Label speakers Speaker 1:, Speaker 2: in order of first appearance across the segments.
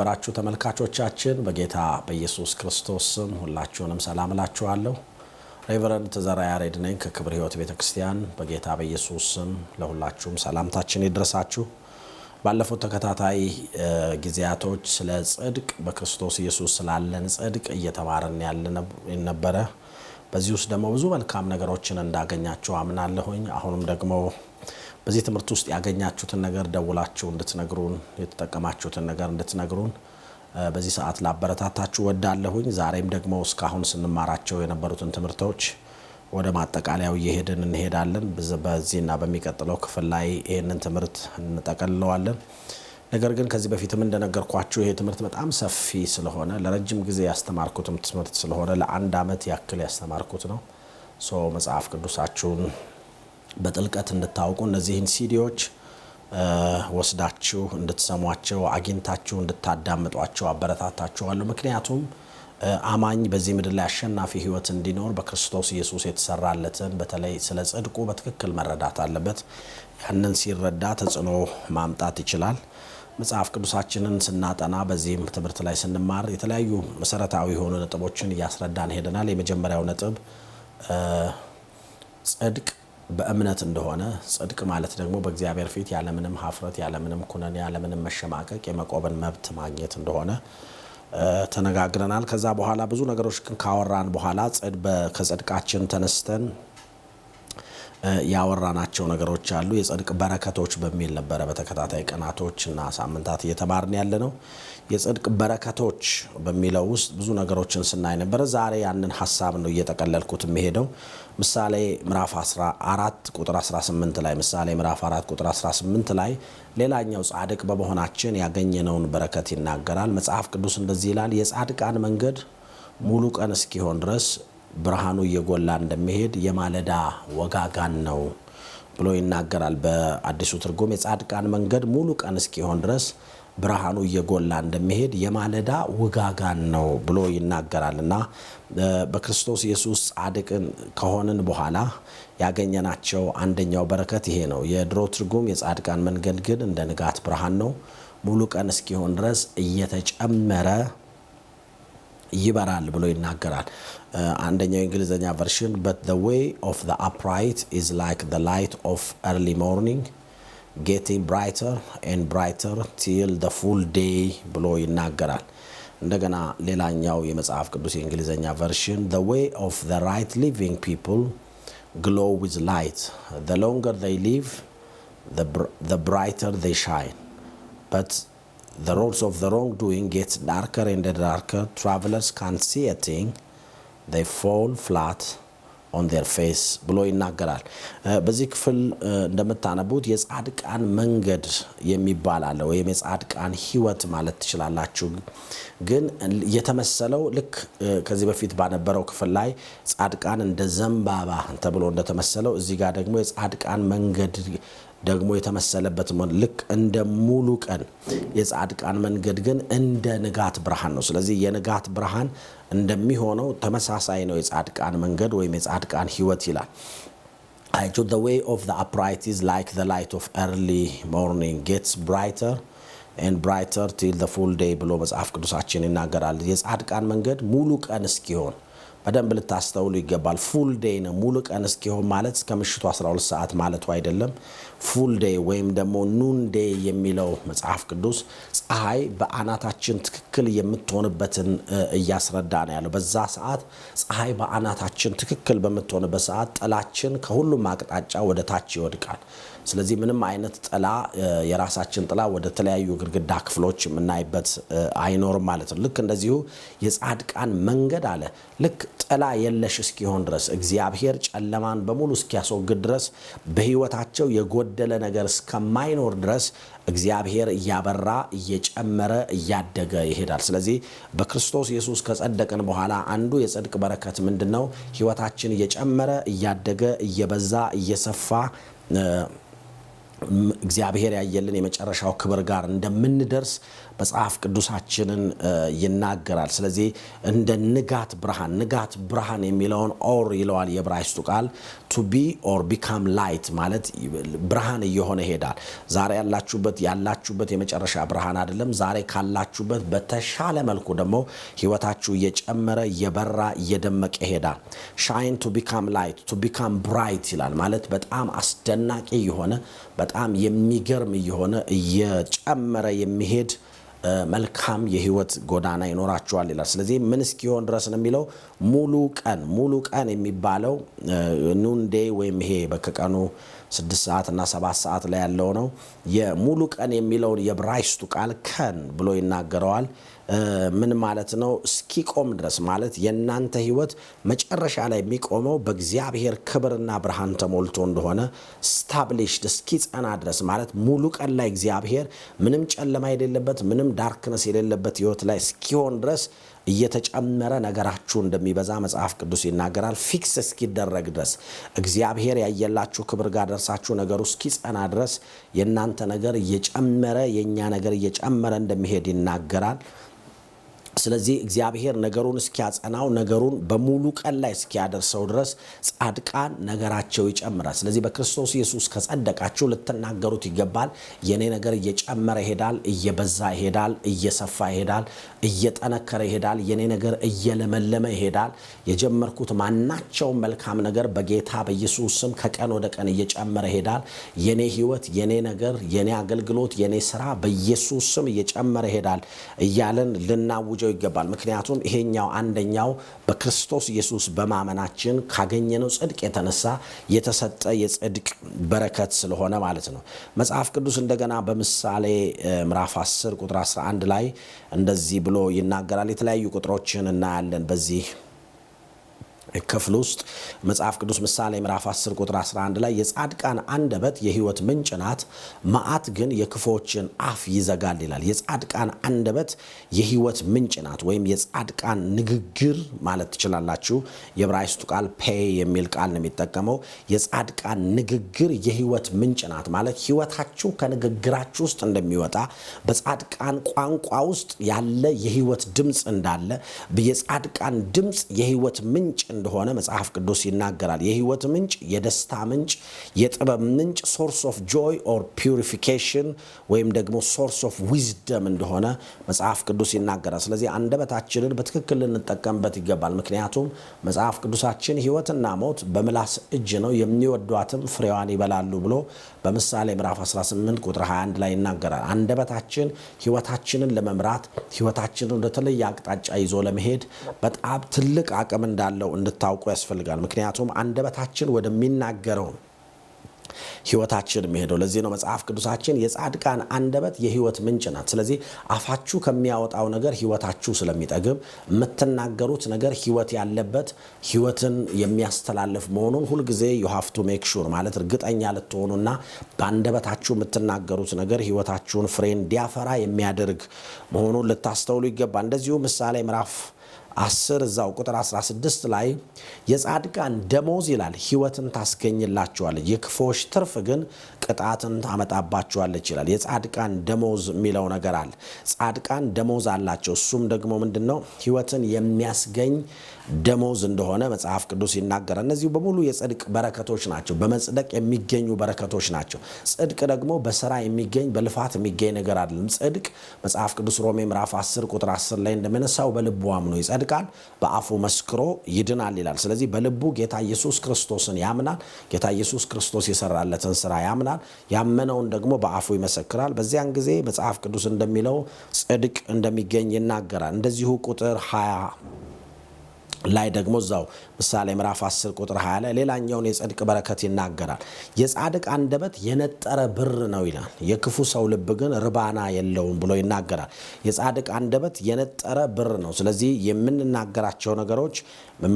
Speaker 1: የተከበራችሁ ተመልካቾቻችን በጌታ በኢየሱስ ክርስቶስ ስም ሁላችሁንም ሰላም እላችኋለሁ። ሬቨረንድ ተዘራ ያሬድ ነኝ ከክብር ሕይወት ቤተ ክርስቲያን። በጌታ በኢየሱስ ስም ለሁላችሁም ሰላምታችን ይድረሳችሁ። ባለፉት ተከታታይ ጊዜያቶች ስለ ጽድቅ በክርስቶስ ኢየሱስ ስላለን ጽድቅ እየተማርን ያለ ነበረ። በዚህ ውስጥ ደግሞ ብዙ መልካም ነገሮችን እንዳገኛችሁ አምናለሁኝ። አሁንም ደግሞ በዚህ ትምህርት ውስጥ ያገኛችሁትን ነገር ደውላችሁ እንድትነግሩን፣ የተጠቀማችሁትን ነገር እንድትነግሩን በዚህ ሰዓት ላበረታታችሁ ወዳለሁኝ። ዛሬም ደግሞ እስካሁን ስንማራቸው የነበሩትን ትምህርቶች ወደ ማጠቃለያው እየሄድን እንሄዳለን። በዚህና በሚቀጥለው ክፍል ላይ ይህንን ትምህርት እንጠቀልለዋለን። ነገር ግን ከዚህ በፊትም እንደነገርኳችሁ ይሄ ትምህርት በጣም ሰፊ ስለሆነ ለረጅም ጊዜ ያስተማርኩትም ትምህርት ስለሆነ ለአንድ ዓመት ያክል ያስተማርኩት ነው። ሶ መጽሐፍ ቅዱሳችሁን በጥልቀት እንድታውቁ እነዚህን ሲዲዎች ወስዳችሁ እንድትሰሟቸው አግኝታችሁ እንድታዳምጧቸው አበረታታችኋለሁ። ምክንያቱም አማኝ በዚህ ምድር ላይ አሸናፊ ሕይወት እንዲኖር በክርስቶስ ኢየሱስ የተሰራለትን በተለይ ስለ ጽድቁ በትክክል መረዳት አለበት። ያንን ሲረዳ ተጽዕኖ ማምጣት ይችላል። መጽሐፍ ቅዱሳችንን ስናጠና በዚህም ትምህርት ላይ ስንማር የተለያዩ መሰረታዊ የሆኑ ነጥቦችን እያስረዳን ሄደናል። የመጀመሪያው ነጥብ ጽድቅ በእምነት እንደሆነ ጽድቅ ማለት ደግሞ በእግዚአብሔር ፊት ያለምንም ሀፍረት ያለምንም ኩነን ያለምንም መሸማቀቅ የመቆበን መብት ማግኘት እንደሆነ ተነጋግረናል። ከዛ በኋላ ብዙ ነገሮች ግን ካወራን በኋላ ከጽድቃችን ተነስተን ያወራናቸው ነገሮች አሉ። የጽድቅ በረከቶች በሚል ነበረ በተከታታይ ቀናቶች እና ሳምንታት እየተማርን ያለ ነው። የጽድቅ በረከቶች በሚለው ውስጥ ብዙ ነገሮችን ስናይ ነበረ። ዛሬ ያንን ሀሳብ ነው እየጠቀለልኩት የሚሄደው ምሳሌ ምዕራፍ 14 ቁጥር 18 ላይ ምሳሌ ምዕራፍ 4 ቁጥር 18 ላይ ሌላኛው ጻድቅ በመሆናችን ያገኘነውን በረከት ይናገራል። መጽሐፍ ቅዱስ እንደዚህ ይላል፣ የጻድቃን መንገድ ሙሉ ቀን እስኪሆን ድረስ ብርሃኑ እየጎላ እንደሚሄድ የማለዳ ወጋጋን ነው ብሎ ይናገራል። በአዲሱ ትርጉም የጻድቃን መንገድ ሙሉ ቀን እስኪሆን ድረስ ብርሃኑ እየጎላ እንደሚሄድ የማለዳ ውጋጋን ነው ብሎ ይናገራል እና በክርስቶስ ኢየሱስ ጻድቅን ከሆንን በኋላ ያገኘናቸው አንደኛው በረከት ይሄ ነው። የድሮ ትርጉም የጻድቃን መንገድ ግን እንደ ንጋት ብርሃን ነው፣ ሙሉ ቀን እስኪሆን ድረስ እየተጨመረ ይበራል ብሎ ይናገራል። uh, አንደኛው የእንግሊዝኛ ቨርሽን በት ዘ ዌይ ኦፍ ዘ አፕራይት ኢዝ ላይክ ዘ ላይት ኦፍ ኤርሊ ሞርኒንግ ጌቲንግ ብራይተር ኤንድ ብራይተር ቲል ዘ ፉል ዴይ ብሎ ይናገራል። እንደገና ሌላኛው የመጽሐፍ ቅዱስ የእንግሊዝኛ ቨርሽን ዘ ዌይ ኦፍ ዘ ራይት ሊቪንግ ፒፕል ግሎ ዊዝ ላይት ዘ ሎንገር ዘይ ሊቭ ዘ ብራይተር ዘይ ሻይን በት The roads of the wrongdoing gets darker and darker. Travelers can't see a thing. They fall flat on their face ብሎ ይናገራል። uh, በዚህ ክፍል uh, እንደምታነቡት የጻድቃን መንገድ የሚባል አለ ወይም የጻድቃን ሕይወት ማለት ትችላላችሁ። ግን የተመሰለው ልክ uh, ከዚህ በፊት ባነበረው ክፍል ላይ ጻድቃን እንደ ዘንባባ ተብሎ እንደተመሰለው እዚህ ጋር ደግሞ የጻድቃን መንገድ ደግሞ የተመሰለበት ልክ እንደ ሙሉ ቀን የጻድቃን መንገድ ግን እንደ ንጋት ብርሃን ነው። ስለዚህ የንጋት ብርሃን እንደሚሆነው ተመሳሳይ ነው የጻድቃን መንገድ ወይም የጻድቃን ሕይወት ይላል። አይቸው the ብሎ መጽሐፍ ቅዱሳችን ይናገራል። የጻድቃን መንገድ ሙሉ ቀን እስኪሆን በደንብ ልታስተውሉ ይገባል። ፉል ዴይ ነው ሙሉ ቀን እስኪሆን ማለት እስከ ምሽቱ 12 ሰዓት ማለቱ አይደለም። ፉል ዴይ ወይም ደግሞ ኑን ዴይ የሚለው መጽሐፍ ቅዱስ ፀሐይ በአናታችን ትክክል የምትሆንበትን እያስረዳ ነው ያለው። በዛ ሰዓት ፀሐይ በአናታችን ትክክል በምትሆንበት ሰዓት ጥላችን ከሁሉም አቅጣጫ ወደ ታች ይወድቃል። ስለዚህ ምንም አይነት ጥላ የራሳችን ጥላ ወደ ተለያዩ ግድግዳ ክፍሎች የምናይበት አይኖርም ማለት ነው። ልክ እንደዚሁ የጻድቃን መንገድ አለ ልክ ጥላ የለሽ እስኪሆን ድረስ እግዚአብሔር ጨለማን በሙሉ እስኪያስወግድ ድረስ በህይወታቸው የጎ የጎደለ ነገር እስከማይኖር ድረስ እግዚአብሔር እያበራ እየጨመረ እያደገ ይሄዳል። ስለዚህ በክርስቶስ ኢየሱስ ከጸደቅን በኋላ አንዱ የጽድቅ በረከት ምንድን ነው? ሕይወታችን እየጨመረ እያደገ እየበዛ እየሰፋ እግዚአብሔር ያየልን የመጨረሻው ክብር ጋር እንደምንደርስ መጽሐፍ ቅዱሳችንን ይናገራል። ስለዚህ እንደ ንጋት ብርሃን ንጋት ብርሃን የሚለውን ኦር ይለዋል የዕብራይስጡ ቃል ቱ ቢ ኦር ቢካም ላይት ማለት ብርሃን እየሆነ ይሄዳል። ዛሬ ያላችሁበት ያላችሁበት የመጨረሻ ብርሃን አይደለም። ዛሬ ካላችሁበት በተሻለ መልኩ ደግሞ ህይወታችሁ እየጨመረ እየበራ እየደመቀ ይሄዳል። ሻይን ቱ ቢካም ላይት ቱ ቢካም ብራይት ይላል ማለት በጣም አስደናቂ የሆነ በጣም የሚገርም እየሆነ እየጨመረ የሚሄድ መልካም የህይወት ጎዳና ይኖራቸዋል ይላል። ስለዚህ ምን እስኪሆን ድረስ ነው የሚለው ሙሉ ቀን ሙሉ ቀን የሚባለው ኑንዴ ወይም ይሄ በከቀኑ ስድስት ሰዓት እና ሰባት ሰዓት ላይ ያለው ነው። የሙሉ ቀን የሚለውን የብራይስቱ ቃል ከን ብሎ ይናገረዋል። ምን ማለት ነው? እስኪቆም ድረስ ማለት የእናንተ ህይወት መጨረሻ ላይ የሚቆመው በእግዚአብሔር ክብርና ብርሃን ተሞልቶ እንደሆነ ስታብሊሽድ እስኪጸና ድረስ ማለት ሙሉ ቀን ላይ እግዚአብሔር ምንም ጨለማ የሌለበት ምንም ዳርክነስ የሌለበት ህይወት ላይ እስኪሆን ድረስ እየተጨመረ ነገራችሁ እንደሚበዛ መጽሐፍ ቅዱስ ይናገራል። ፊክስ እስኪደረግ ድረስ እግዚአብሔር ያየላችሁ ክብር ጋር ደርሳችሁ ነገሩ እስኪጸና ድረስ የእናንተ ነገር እየጨመረ የእኛ ነገር እየጨመረ እንደሚሄድ ይናገራል። ስለዚህ እግዚአብሔር ነገሩን እስኪያጸናው ነገሩን በሙሉ ቀን ላይ እስኪያደርሰው ድረስ ጻድቃን ነገራቸው ይጨምራል። ስለዚህ በክርስቶስ ኢየሱስ ከጸደቃችሁ ልትናገሩት ይገባል። የኔ ነገር እየጨመረ ይሄዳል፣ እየበዛ ይሄዳል፣ እየሰፋ ይሄዳል፣ እየጠነከረ ይሄዳል። የኔ ነገር እየለመለመ ይሄዳል። የጀመርኩት ማናቸውም መልካም ነገር በጌታ በኢየሱስ ስም ከቀን ወደ ቀን እየጨመረ ይሄዳል። የኔ ህይወት የኔ ነገር፣ የኔ አገልግሎት፣ የኔ ስራ በኢየሱስ ስም እየጨመረ ይሄዳል እያለን ልናውጅ ልናውጀው ይገባል። ምክንያቱም ይሄኛው አንደኛው በክርስቶስ ኢየሱስ በማመናችን ካገኘነው ጽድቅ የተነሳ የተሰጠ የጽድቅ በረከት ስለሆነ ማለት ነው። መጽሐፍ ቅዱስ እንደገና በምሳሌ ምዕራፍ 10 ቁጥር 11 ላይ እንደዚህ ብሎ ይናገራል። የተለያዩ ቁጥሮችን እናያለን በዚህ ክፍል ውስጥ መጽሐፍ ቅዱስ ምሳሌ ምዕራፍ 10 ቁጥር 11 ላይ የጻድቃን አንደበት የሕይወት ምንጭ ናት፣ መዓት ግን የክፎችን አፍ ይዘጋል ይላል። የጻድቃን አንደበት የሕይወት ምንጭ ናት፣ ወይም የጻድቃን ንግግር ማለት ትችላላችሁ። የዕብራይስጡ ቃል ፔ የሚል ቃል ነው የሚጠቀመው። የጻድቃን ንግግር የህይወት ምንጭ ናት ማለት ህይወታችሁ ከንግግራችሁ ውስጥ እንደሚወጣ በጻድቃን ቋንቋ ውስጥ ያለ የህይወት ድምፅ እንዳለ የጻድቃን ድምፅ የህይወት ምንጭ እንደሆነ መጽሐፍ ቅዱስ ይናገራል። የህይወት ምንጭ፣ የደስታ ምንጭ፣ የጥበብ ምንጭ ሶርስ ኦፍ ጆይ ኦር ፒውሪፊኬሽን ወይም ደግሞ ሶርስ ኦፍ ዊዝደም እንደሆነ መጽሐፍ ቅዱስ ይናገራል። ስለዚህ አንደበታችንን በትክክል ልንጠቀምበት ይገባል። ምክንያቱም መጽሐፍ ቅዱሳችን ህይወትና ሞት በምላስ እጅ ነው የሚወዷትም ፍሬዋን ይበላሉ ብሎ በምሳሌ ምዕራፍ 18 ቁጥር 21 ላይ ይናገራል። አንደበታችን ህይወታችንን ለመምራት ህይወታችንን ወደተለየ አቅጣጫ ይዞ ለመሄድ በጣም ትልቅ አቅም እንዳለው እንድታውቁ ያስፈልጋል። ምክንያቱም አንደበታችን ወደሚናገረው ህይወታችን የሚሄደው ለዚህ ነው። መጽሐፍ ቅዱሳችን የጻድቃን አንደበት የህይወት ምንጭ ናት። ስለዚህ አፋችሁ ከሚያወጣው ነገር ህይወታችሁ ስለሚጠግብ የምትናገሩት ነገር ህይወት ያለበት ህይወትን የሚያስተላልፍ መሆኑን ሁልጊዜ ዩሃፍቱ ሜክ ሹር ማለት እርግጠኛ ልትሆኑና በአንደበታችሁ የምትናገሩት ነገር ህይወታችሁን ፍሬ እንዲያፈራ የሚያደርግ መሆኑን ልታስተውሉ ይገባ። እንደዚሁ ምሳሌ ምዕራፍ 10 እዛው ቁጥር 16 ላይ የጻድቃን ደሞዝ ይላል ህይወትን ታስገኝላችኋለች፣ የክፎች ትርፍ ግን ቅጣትን ታመጣባችኋለች ይላል። የጻድቃን ደሞዝ የሚለው ነገር አለ። ጻድቃን ደሞዝ አላቸው። እሱም ደግሞ ምንድን ነው? ህይወትን የሚያስገኝ ደሞዝ እንደሆነ መጽሐፍ ቅዱስ ይናገራል። እነዚህ በሙሉ የጽድቅ በረከቶች ናቸው። በመጽደቅ የሚገኙ በረከቶች ናቸው። ጽድቅ ደግሞ በስራ የሚገኝ በልፋት የሚገኝ ነገር አይደለም። ጽድቅ መጽሐፍ ቅዱስ ሮሜ ምዕራፍ 10 ቁጥር 10 ላይ እንደሚነሳው በልቡ አምኖ ይጸድቅ ይሰብካል፣ በአፉ መስክሮ ይድናል ይላል። ስለዚህ በልቡ ጌታ ኢየሱስ ክርስቶስን ያምናል። ጌታ ኢየሱስ ክርስቶስ የሰራለትን ስራ ያምናል። ያመነውን ደግሞ በአፉ ይመሰክራል። በዚያን ጊዜ መጽሐፍ ቅዱስ እንደሚለው ጽድቅ እንደሚገኝ ይናገራል። እንደዚሁ ቁጥር 20 ላይ ደግሞ እዛው ምሳሌ ምዕራፍ 10 ቁጥር 20 ላይ ሌላኛውን የጽድቅ በረከት ይናገራል። የጻድቅ አንደበት የነጠረ ብር ነው ይላል፣ የክፉ ሰው ልብ ግን ርባና የለውም ብሎ ይናገራል። የጻድቅ አንደበት የነጠረ ብር ነው። ስለዚህ የምንናገራቸው ነገሮች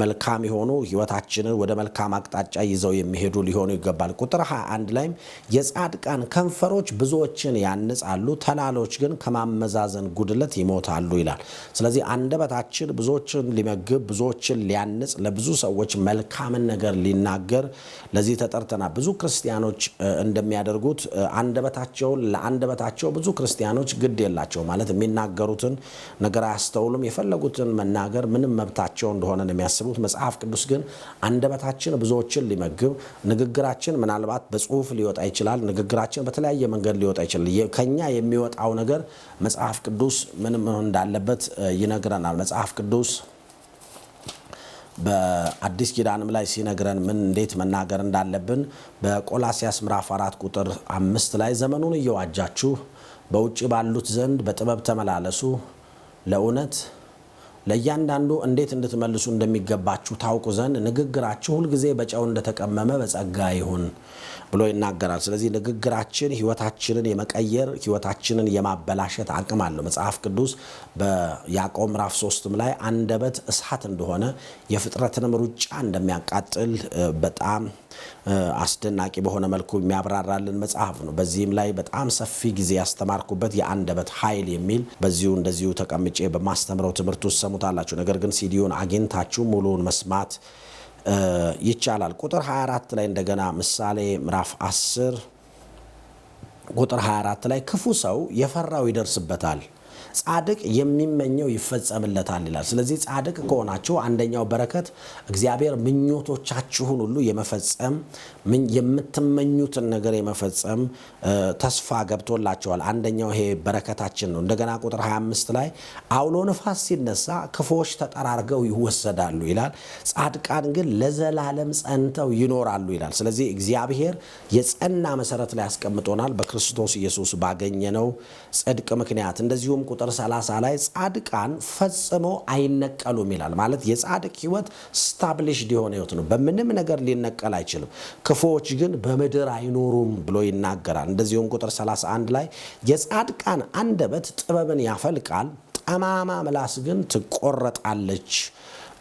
Speaker 1: መልካም የሆኑ ህይወታችንን ወደ መልካም አቅጣጫ ይዘው የሚሄዱ ሊሆኑ ይገባል። ቁጥር 21 ላይም የጻድቃን ከንፈሮች ብዙዎችን ያንጻሉ፣ ተላሎች ግን ከማመዛዘን ጉድለት ይሞታሉ ይላል። ስለዚህ አንደበታችን ብዙዎችን ሊመግብ ብዙዎችን ሊያንጽ ለብዙ ሰዎች መልካምን ነገር ሊናገር ለዚህ ተጠርተናል። ብዙ ክርስቲያኖች እንደሚያደርጉት አንደበታቸው ለአንደበታቸው ብዙ ክርስቲያኖች ግድ የላቸው ማለት የሚናገሩትን ነገር አያስተውሉም። የፈለጉትን መናገር ምንም መብታቸው እንደሆነ ነው የሚያስቡት። መጽሐፍ ቅዱስ ግን አንደበታችን ብዙዎችን ሊመግብ፣ ንግግራችን ምናልባት በጽሁፍ ሊወጣ ይችላል። ንግግራችን በተለያየ መንገድ ሊወጣ ይችላል። ከኛ የሚወጣው ነገር መጽሐፍ ቅዱስ ምንም እንዳለበት ይነግረናል። መጽሐፍ ቅዱስ በአዲስ ኪዳንም ላይ ሲነግረን ምን እንዴት መናገር እንዳለብን በቆላሲያስ ምዕራፍ አራት ቁጥር አምስት ላይ ዘመኑን እየዋጃችሁ በውጭ ባሉት ዘንድ በጥበብ ተመላለሱ ለእውነት ለእያንዳንዱ እንዴት እንድትመልሱ እንደሚገባችሁ ታውቁ ዘንድ ንግግራችሁ ሁልጊዜ በጨው እንደተቀመመ በጸጋ ይሁን ብሎ ይናገራል። ስለዚህ ንግግራችን ህይወታችንን የመቀየር ህይወታችንን የማበላሸት አቅም አለው። መጽሐፍ ቅዱስ በያዕቆብ ምዕራፍ ሶስትም ላይ አንደበት እሳት እንደሆነ የፍጥረትንም ሩጫ እንደሚያቃጥል በጣም አስደናቂ በሆነ መልኩ የሚያብራራልን መጽሐፍ ነው። በዚህም ላይ በጣም ሰፊ ጊዜ ያስተማርኩበት የአንደበት ኃይል የሚል በዚሁ እንደዚሁ ተቀምጬ በማስተምረው ትምህርት ውስጥ ሰሙታላችሁ። ነገር ግን ሲዲዮን አግኝታችሁ ሙሉውን መስማት ይቻላል። ቁጥር 24 ላይ እንደገና ምሳሌ ምዕራፍ 10 ቁጥር 24 ላይ ክፉ ሰው የፈራው ይደርስበታል ጻድቅ የሚመኘው ይፈጸምለታል ይላል። ስለዚህ ጻድቅ ከሆናችሁ አንደኛው በረከት እግዚአብሔር ምኞቶቻችሁን ሁሉ የመፈጸም የምትመኙትን ነገር የመፈጸም ተስፋ ገብቶላቸዋል። አንደኛው ይሄ በረከታችን ነው። እንደገና ቁጥር 25 ላይ አውሎ ነፋስ ሲነሳ ክፎች ተጠራርገው ይወሰዳሉ ይላል። ጻድቃን ግን ለዘላለም ጸንተው ይኖራሉ ይላል። ስለዚህ እግዚአብሔር የጸና መሰረት ላይ ያስቀምጦናል በክርስቶስ ኢየሱስ ባገኘነው ጽድቅ ምክንያት እንደዚሁም ቁጥር ቁጥር 30 ላይ ጻድቃን ፈጽሞ አይነቀሉም ይላል። ማለት የጻድቅ ህይወት ስታብሊሽድ የሆነ ህይወት ነው፣ በምንም ነገር ሊነቀል አይችልም። ክፉዎች ግን በምድር አይኖሩም ብሎ ይናገራል። እንደዚሁም ቁጥር 31 ላይ የጻድቃን አንደበት ጥበብን ያፈልቃል፣ ጠማማ ምላስ ግን ትቆረጣለች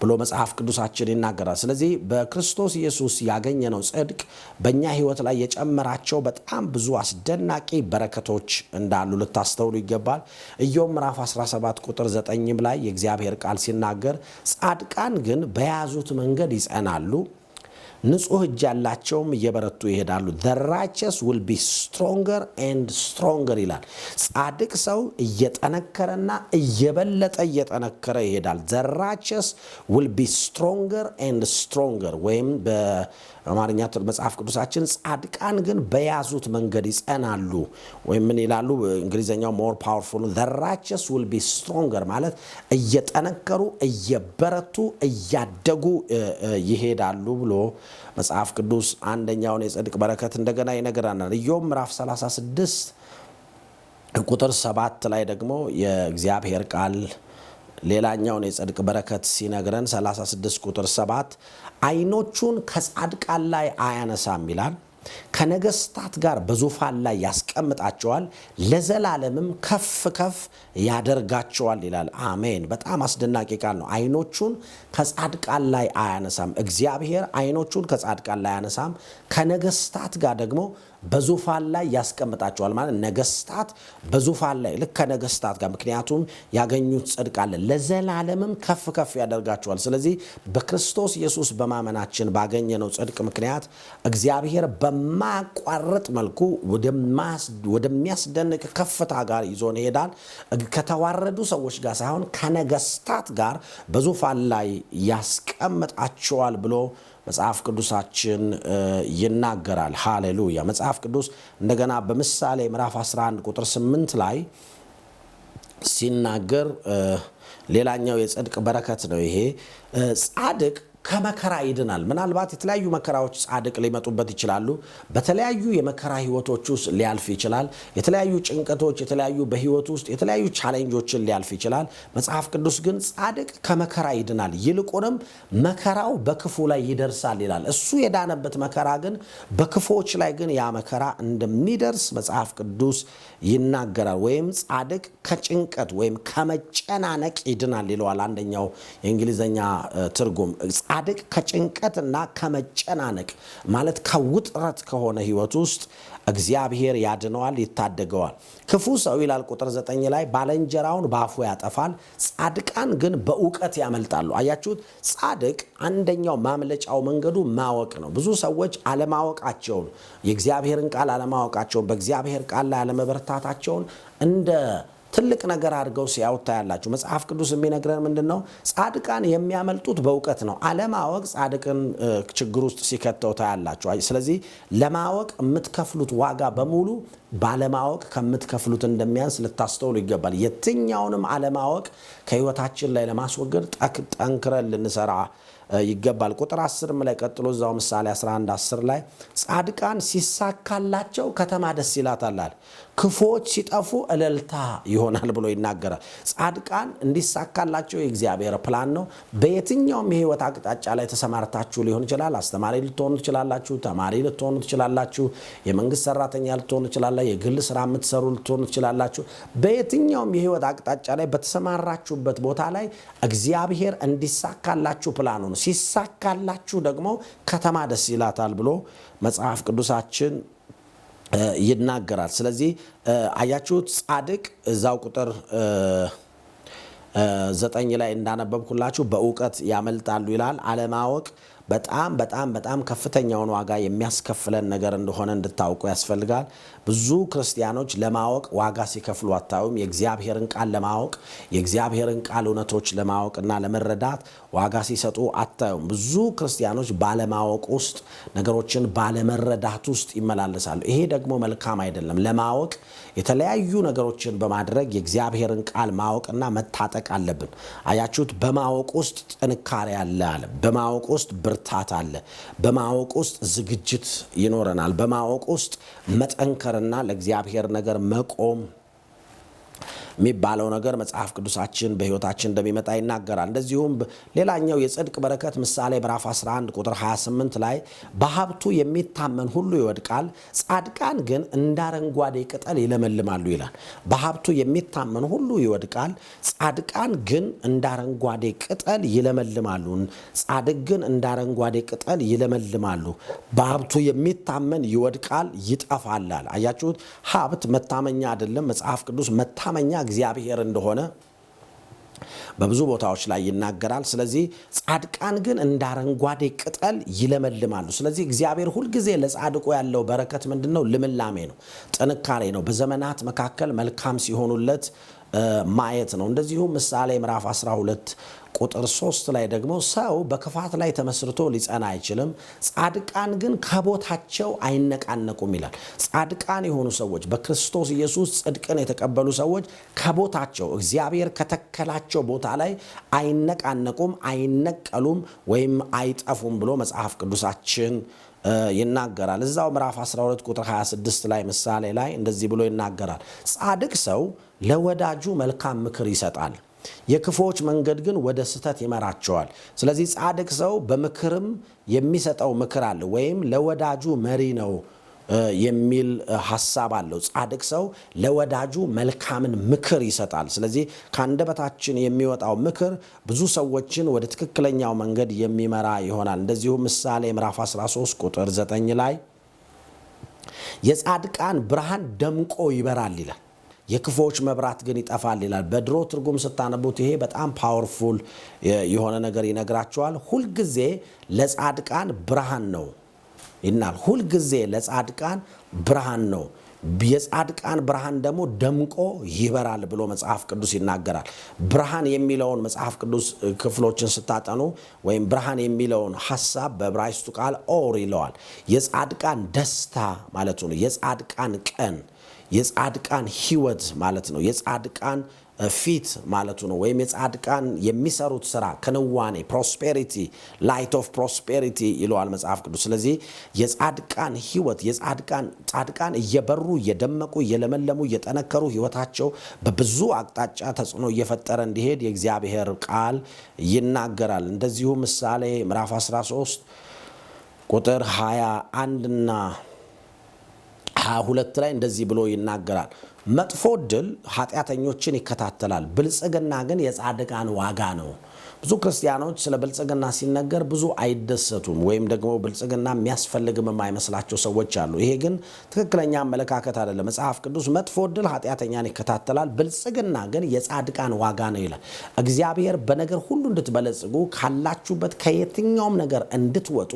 Speaker 1: ብሎ መጽሐፍ ቅዱሳችን ይናገራል። ስለዚህ በክርስቶስ ኢየሱስ ያገኘነው ጽድቅ በእኛ ሕይወት ላይ የጨመራቸው በጣም ብዙ አስደናቂ በረከቶች እንዳሉ ልታስተውሉ ይገባል። ኢዮብ ምዕራፍ 17 ቁጥር 9 ላይ የእግዚአብሔር ቃል ሲናገር ጻድቃን ግን በያዙት መንገድ ይጸናሉ ንጹህ እጅ ያላቸውም እየበረቱ ይሄዳሉ። ዘ ራይቸስ ዊል ቢ ስትሮንገር ኤንድ ስትሮንገር ይላል። ጻድቅ ሰው እየጠነከረና እየበለጠ እየጠነከረ ይሄዳል። ዘ ራይቸስ ዊል ቢ ስትሮንገር ኤንድ ስትሮንገር ወይም በአማርኛ መጽሐፍ ቅዱሳችን ጻድቃን ግን በያዙት መንገድ ይጸናሉ ወይም ምን ይላሉ? እንግሊዝኛው ሞር ፓወርፉል ዘ ራይቸስ ዊል ቢ ስትሮንገር ማለት እየጠነከሩ እየበረቱ እያደጉ ይሄዳሉ ብሎ መጽሐፍ ቅዱስ አንደኛውን የጽድቅ በረከት እንደገና ይነግረናል። ኢዮብ ምዕራፍ 36 ቁጥር 7 ላይ ደግሞ የእግዚአብሔር ቃል ሌላኛውን የጽድቅ በረከት ሲነግረን 36 ቁጥር 7 አይኖቹን ከጻድቃን ላይ አያነሳም ይላል። ከነገስታት ጋር በዙፋን ላይ ያስቀምጣቸዋል፣ ለዘላለምም ከፍ ከፍ ያደርጋቸዋል ይላል። አሜን። በጣም አስደናቂ ቃል ነው። አይኖቹን ከጻድቃን ላይ አያነሳም። እግዚአብሔር አይኖቹን ከጻድቃን ላይ አያነሳም። ከነገስታት ጋር ደግሞ በዙፋን ላይ ያስቀምጣቸዋል ማለት ነገስታት በዙፋን ላይ ልክ ከነገስታት ጋር ምክንያቱም ያገኙት ጽድቅ አለ። ለዘላለምም ከፍ ከፍ ያደርጋቸዋል። ስለዚህ በክርስቶስ ኢየሱስ በማመናችን ባገኘነው ጽድቅ ምክንያት እግዚአብሔር በ በማቋረጥ መልኩ ወደሚያስደንቅ ከፍታ ጋር ይዞን ይሄዳል። ከተዋረዱ ሰዎች ጋር ሳይሆን ከነገስታት ጋር በዙፋን ላይ ያስቀምጣቸዋል ብሎ መጽሐፍ ቅዱሳችን ይናገራል። ሃሌሉያ። መጽሐፍ ቅዱስ እንደገና በምሳሌ ምዕራፍ 11 ቁጥር 8 ላይ ሲናገር ሌላኛው የጽድቅ በረከት ነው ይሄ ጻድቅ ከመከራ ይድናል። ምናልባት የተለያዩ መከራዎች ጻድቅ ሊመጡበት ይችላሉ። በተለያዩ የመከራ ህይወቶች ውስጥ ሊያልፍ ይችላል። የተለያዩ ጭንቀቶች፣ የተለያዩ በህይወት ውስጥ የተለያዩ ቻሌንጆችን ሊያልፍ ይችላል። መጽሐፍ ቅዱስ ግን ጻድቅ ከመከራ ይድናል፣ ይልቁንም መከራው በክፉ ላይ ይደርሳል ይላል። እሱ የዳነበት መከራ ግን በክፉዎች ላይ ግን ያ መከራ እንደሚደርስ መጽሐፍ ቅዱስ ይናገራል። ወይም ጻድቅ ከጭንቀት ወይም ከመጨናነቅ ይድናል ይለዋል አንደኛው የእንግሊዝኛ ትርጉም ጻድቅ ከጭንቀትና ከመጨናነቅ ማለት ከውጥረት ከሆነ ህይወት ውስጥ እግዚአብሔር ያድነዋል፣ ይታደገዋል። ክፉ ሰው ይላል ቁጥር ዘጠኝ ላይ ባለንጀራውን በአፉ ያጠፋል፣ ጻድቃን ግን በእውቀት ያመልጣሉ። አያችሁት? ጻድቅ አንደኛው ማምለጫው መንገዱ ማወቅ ነው። ብዙ ሰዎች አለማወቃቸውን፣ የእግዚአብሔርን ቃል አለማወቃቸውን፣ በእግዚአብሔር ቃል ላይ አለመበርታታቸውን እንደ ትልቅ ነገር አድርገው ሲያውታ ያላችሁ መጽሐፍ ቅዱስ የሚነግረን ምንድን ነው? ጻድቃን የሚያመልጡት በእውቀት ነው። አለማወቅ ጻድቅን ችግር ውስጥ ሲከተው ታያላችሁ። ስለዚህ ለማወቅ የምትከፍሉት ዋጋ በሙሉ ባለማወቅ ከምትከፍሉት እንደሚያንስ ልታስተውሉ ይገባል። የትኛውንም አለማወቅ ከህይወታችን ላይ ለማስወገድ ጠንክረን ልንሰራ ይገባል። ቁጥር 10 ላይ ቀጥሎ እዛው ምሳሌ 11 10 ላይ ጻድቃን ሲሳካላቸው ከተማ ደስ ይላታል፣ ክፉዎች ሲጠፉ እልልታ ይሆናል ብሎ ይናገራል። ጻድቃን እንዲሳካላቸው የእግዚአብሔር ፕላን ነው። በየትኛውም የህይወት አቅጣጫ ላይ ተሰማርታችሁ ሊሆን ይችላል። አስተማሪ ልትሆኑ ትችላላችሁ። ተማሪ ልትሆኑ ትችላላችሁ። የመንግስት ሰራተኛ ልትሆኑ ትችላላችሁ። የግል ስራ የምትሰሩ ልትሆኑ ትችላላችሁ። በየትኛውም የህይወት አቅጣጫ ላይ በተሰማራችሁበት ቦታ ላይ እግዚአብሔር እንዲሳካላችሁ ፕላኑ ነው ሲሳካላችሁ ደግሞ ከተማ ደስ ይላታል ብሎ መጽሐፍ ቅዱሳችን ይናገራል። ስለዚህ አያችሁት ጻድቅ እዛው ቁጥር ዘጠኝ ላይ እንዳነበብኩላችሁ በእውቀት ያመልጣሉ ይላል። አለማወቅ በጣም በጣም በጣም ከፍተኛውን ዋጋ የሚያስከፍለን ነገር እንደሆነ እንድታውቁ ያስፈልጋል። ብዙ ክርስቲያኖች ለማወቅ ዋጋ ሲከፍሉ አታዩም። የእግዚአብሔርን ቃል ለማወቅ የእግዚአብሔርን ቃል እውነቶች ለማወቅና ለመረዳት ዋጋ ሲሰጡ አታዩም። ብዙ ክርስቲያኖች ባለማወቅ ውስጥ ነገሮችን ባለመረዳት ውስጥ ይመላለሳሉ። ይሄ ደግሞ መልካም አይደለም። ለማወቅ የተለያዩ ነገሮችን በማድረግ የእግዚአብሔርን ቃል ማወቅና መታጠቅ አለብን። አያችሁት? በማወቅ ውስጥ ጥንካሬ አለ አለ። በማወቅ ውስጥ ብርታት አለ። በማወቅ ውስጥ ዝግጅት ይኖረናል። በማወቅ ውስጥ መጠንከር መፍጠርና ለእግዚአብሔር ነገር መቆም የሚባለው ነገር መጽሐፍ ቅዱሳችን በሕይወታችን እንደሚመጣ ይናገራል። እንደዚሁም ሌላኛው የጽድቅ በረከት ምሳሌ ምዕራፍ 11 ቁጥር 28 ላይ በሀብቱ የሚታመን ሁሉ ይወድቃል፣ ጻድቃን ግን እንደ አረንጓዴ ቅጠል ይለመልማሉ ይላል። በሀብቱ የሚታመን ሁሉ ይወድቃል፣ ጻድቃን ግን እንደ አረንጓዴ ቅጠል ይለመልማሉ። ጻድቅ ግን እንደ አረንጓዴ ቅጠል ይለመልማሉ። በሀብቱ የሚታመን ይወድቃል፣ ይጠፋላል። አያችሁት? ሀብት መታመኛ አይደለም። መጽሐፍ ቅዱስ መታመኛ እግዚአብሔር እንደሆነ በብዙ ቦታዎች ላይ ይናገራል። ስለዚህ ጻድቃን ግን እንደ አረንጓዴ ቅጠል ይለመልማሉ። ስለዚህ እግዚአብሔር ሁልጊዜ ለጻድቁ ያለው በረከት ምንድን ነው? ልምላሜ ነው፣ ጥንካሬ ነው። በዘመናት መካከል መልካም ሲሆኑለት ማየት ነው። እንደዚሁም ምሳሌ ምዕራፍ 12 ቁጥር 3 ላይ ደግሞ ሰው በክፋት ላይ ተመስርቶ ሊጸና አይችልም፣ ጻድቃን ግን ከቦታቸው አይነቃነቁም ይላል። ጻድቃን የሆኑ ሰዎች በክርስቶስ ኢየሱስ ጽድቅን የተቀበሉ ሰዎች ከቦታቸው እግዚአብሔር ከተከላቸው ቦታ ላይ አይነቃነቁም፣ አይነቀሉም ወይም አይጠፉም ብሎ መጽሐፍ ቅዱሳችን ይናገራል። እዛው ምዕራፍ 12 ቁጥር 26 ላይ ምሳሌ ላይ እንደዚህ ብሎ ይናገራል። ጻድቅ ሰው ለወዳጁ መልካም ምክር ይሰጣል፣ የክፎች መንገድ ግን ወደ ስህተት ይመራቸዋል። ስለዚህ ጻድቅ ሰው በምክርም የሚሰጠው ምክር አለ ወይም ለወዳጁ መሪ ነው የሚል ሀሳብ አለው። ጻድቅ ሰው ለወዳጁ መልካምን ምክር ይሰጣል። ስለዚህ ከአንደበታችን የሚወጣው ምክር ብዙ ሰዎችን ወደ ትክክለኛው መንገድ የሚመራ ይሆናል። እንደዚሁ ምሳሌ ምዕራፍ 13 ቁጥር 9 ላይ የጻድቃን ብርሃን ደምቆ ይበራል ይላል፣ የክፎች መብራት ግን ይጠፋል ይላል። በድሮ ትርጉም ስታነቡት ይሄ በጣም ፓወርፉል የሆነ ነገር ይነግራቸዋል። ሁልጊዜ ለጻድቃን ብርሃን ነው ይናል። ሁልጊዜ ለጻድቃን ብርሃን ነው የጻድቃን ብርሃን ደግሞ ደምቆ ይበራል ብሎ መጽሐፍ ቅዱስ ይናገራል። ብርሃን የሚለውን መጽሐፍ ቅዱስ ክፍሎችን ስታጠኑ ወይም ብርሃን የሚለውን ሀሳብ በዕብራይስጡ ቃል ኦር ይለዋል። የጻድቃን ደስታ ማለት ነው። የጻድቃን ቀን፣ የጻድቃን ሕይወት ማለት ነው። የጻድቃን ፊት ማለቱ ነው። ወይም የጻድቃን የሚሰሩት ስራ ክንዋኔ፣ ፕሮስፔሪቲ ላይት ኦፍ ፕሮስፔሪቲ ይለዋል መጽሐፍ ቅዱስ። ስለዚህ የጻድቃን ህይወት የጻድቃን ጻድቃን እየበሩ እየደመቁ እየለመለሙ እየጠነከሩ ህይወታቸው በብዙ አቅጣጫ ተጽዕኖ እየፈጠረ እንዲሄድ የእግዚአብሔር ቃል ይናገራል። እንደዚሁ ምሳሌ ምዕራፍ 13 ቁጥር 21 ና 22 ላይ እንደዚህ ብሎ ይናገራል። መጥፎ ድል ኃጢአተኞችን ይከታተላል፣ ብልጽግና ግን የጻድቃን ዋጋ ነው። ብዙ ክርስቲያኖች ስለ ብልጽግና ሲነገር ብዙ አይደሰቱም፣ ወይም ደግሞ ብልጽግና የሚያስፈልግም የማይመስላቸው ሰዎች አሉ። ይሄ ግን ትክክለኛ አመለካከት አይደለም። መጽሐፍ ቅዱስ መጥፎ ድል ኃጢአተኛን ይከታተላል፣ ብልጽግና ግን የጻድቃን ዋጋ ነው ይላል። እግዚአብሔር በነገር ሁሉ እንድትበለጽጉ ካላችሁበት ከየትኛውም ነገር እንድትወጡ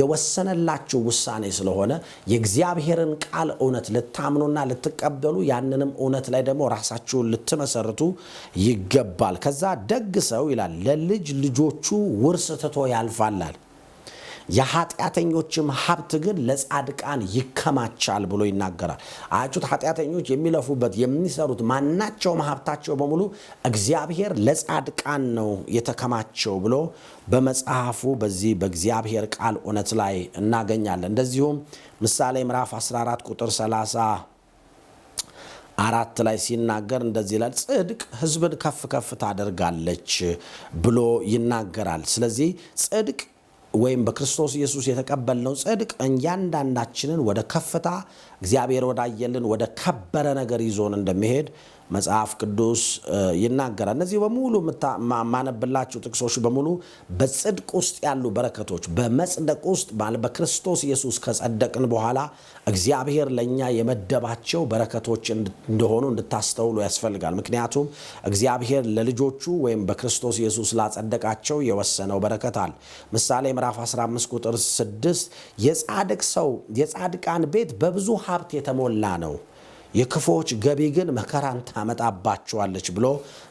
Speaker 1: የወሰነላችሁ ውሳኔ ስለሆነ የእግዚአብሔርን ቃል እውነት ልታምኑና ልትቀበሉ ያንንም እውነት ላይ ደግሞ ራሳችሁን ልትመሰርቱ ይገባል። ከዛ ደግ ሰው ይላል ለልጅ ልጆቹ ውርስ ትቶ ያልፋላል፣ የኃጢአተኞችም ሀብት ግን ለጻድቃን ይከማቻል ብሎ ይናገራል። አያችሁት? ኃጢአተኞች የሚለፉበት የሚሰሩት ማናቸውም ሀብታቸው በሙሉ እግዚአብሔር ለጻድቃን ነው የተከማቸው ብሎ በመጽሐፉ በዚህ በእግዚአብሔር ቃል እውነት ላይ እናገኛለን። እንደዚሁም ምሳሌ ምዕራፍ 14 ቁጥር 30 አራት ላይ ሲናገር እንደዚህ ይላል፣ ጽድቅ ህዝብን ከፍ ከፍ ታደርጋለች ብሎ ይናገራል። ስለዚህ ጽድቅ ወይም በክርስቶስ ኢየሱስ የተቀበልነው ጽድቅ እያንዳንዳችንን ወደ ከፍታ እግዚአብሔር ወዳየልን ወደ ከበረ ነገር ይዞን እንደሚሄድ መጽሐፍ ቅዱስ ይናገራል። እነዚህ በሙሉ ማነብላቸው ጥቅሶች በሙሉ በጽድቅ ውስጥ ያሉ በረከቶች በመጽደቅ ውስጥ በክርስቶስ ኢየሱስ ከጸደቅን በኋላ እግዚአብሔር ለእኛ የመደባቸው በረከቶች እንደሆኑ እንድታስተውሉ ያስፈልጋል። ምክንያቱም እግዚአብሔር ለልጆቹ ወይም በክርስቶስ ኢየሱስ ላጸደቃቸው የወሰነው በረከት አለ። ምሳሌ ምዕራፍ 15 ቁጥር 6 የጻድቅ ሰው የጻድቃን ቤት በብዙ ሀብት የተሞላ ነው የክፉዎች ገቢ ግን መከራን ታመጣባቸዋለች ብሎ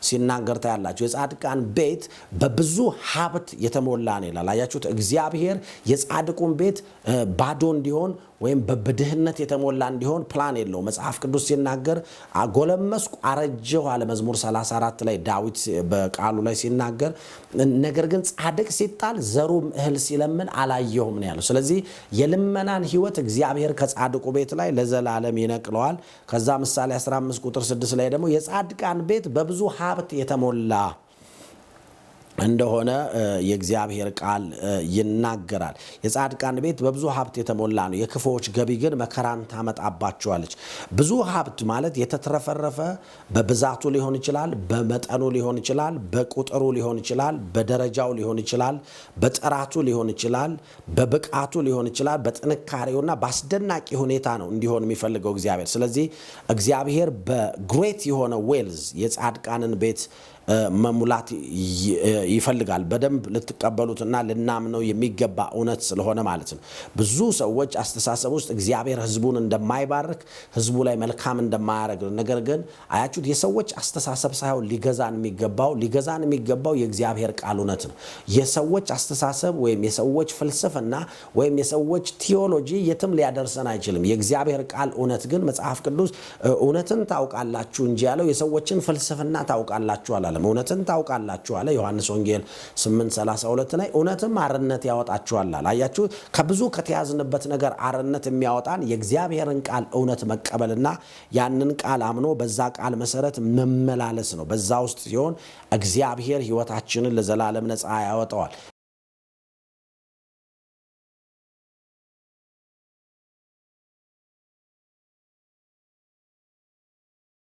Speaker 1: ሲናገር ታያላችሁ። የጻድቃን ቤት በብዙ ሀብት የተሞላ ነው ይላል። አያችሁት? እግዚአብሔር የጻድቁን ቤት ባዶ እንዲሆን ወይም በድህነት የተሞላ እንዲሆን ፕላን የለው። መጽሐፍ ቅዱስ ሲናገር ጎለመስኩ አረጀሁ አለ መዝሙር 34 ላይ ዳዊት በቃሉ ላይ ሲናገር፣ ነገር ግን ጻድቅ ሲጣል ዘሩም እህል ሲለምን አላየሁም ነው ያለው። ስለዚህ የልመናን ህይወት እግዚአብሔር ከጻድቁ ቤት ላይ ለዘላለም ይነቅለዋል። ከዛ ምሳሌ 15 ቁጥር 6 ላይ ደግሞ የጻድቃን ቤት በብዙ ሀብት የተሞላ እንደሆነ የእግዚአብሔር ቃል ይናገራል። የጻድቃን ቤት በብዙ ሀብት የተሞላ ነው፣ የክፉዎች ገቢ ግን መከራን ታመጣባቸዋለች። ብዙ ሀብት ማለት የተትረፈረፈ በብዛቱ ሊሆን ይችላል፣ በመጠኑ ሊሆን ይችላል፣ በቁጥሩ ሊሆን ይችላል፣ በደረጃው ሊሆን ይችላል፣ በጥራቱ ሊሆን ይችላል፣ በብቃቱ ሊሆን ይችላል፣ በጥንካሬውና በአስደናቂ ሁኔታ ነው እንዲሆን የሚፈልገው እግዚአብሔር። ስለዚህ እግዚአብሔር በግሬት የሆነ ዌልዝ የጻድቃንን ቤት መሙላት ይፈልጋል። በደንብ ልትቀበሉትና ልናምነው የሚገባ እውነት ስለሆነ ማለት ነው። ብዙ ሰዎች አስተሳሰብ ውስጥ እግዚአብሔር ሕዝቡን እንደማይባርክ ሕዝቡ ላይ መልካም እንደማያደርግ ነገር ግን አያችሁት፣ የሰዎች አስተሳሰብ ሳይሆን ሊገዛን የሚገባው ሊገዛን የሚገባው የእግዚአብሔር ቃል እውነት ነው። የሰዎች አስተሳሰብ ወይም የሰዎች ፍልስፍና ወይም የሰዎች ቲዮሎጂ የትም ሊያደርሰን አይችልም። የእግዚአብሔር ቃል እውነት ግን መጽሐፍ ቅዱስ እውነትን ታውቃላችሁ እንጂ ያለው የሰዎችን ፍልስፍና ታውቃላችሁ አላለ ዘላለም እውነትን ታውቃላችሁ አለ። ዮሐንስ ወንጌል 8:32 ላይ እውነትም አርነት ያወጣችኋል አለ። አያችሁ ከብዙ ከተያዝንበት ነገር አርነት የሚያወጣን የእግዚአብሔርን ቃል እውነት መቀበልና ያንን ቃል አምኖ በዛ ቃል መሰረት መመላለስ ነው። በዛ ውስጥ ሲሆን እግዚአብሔር ህይወታችንን ለዘላለም ነፃ ያወጣዋል።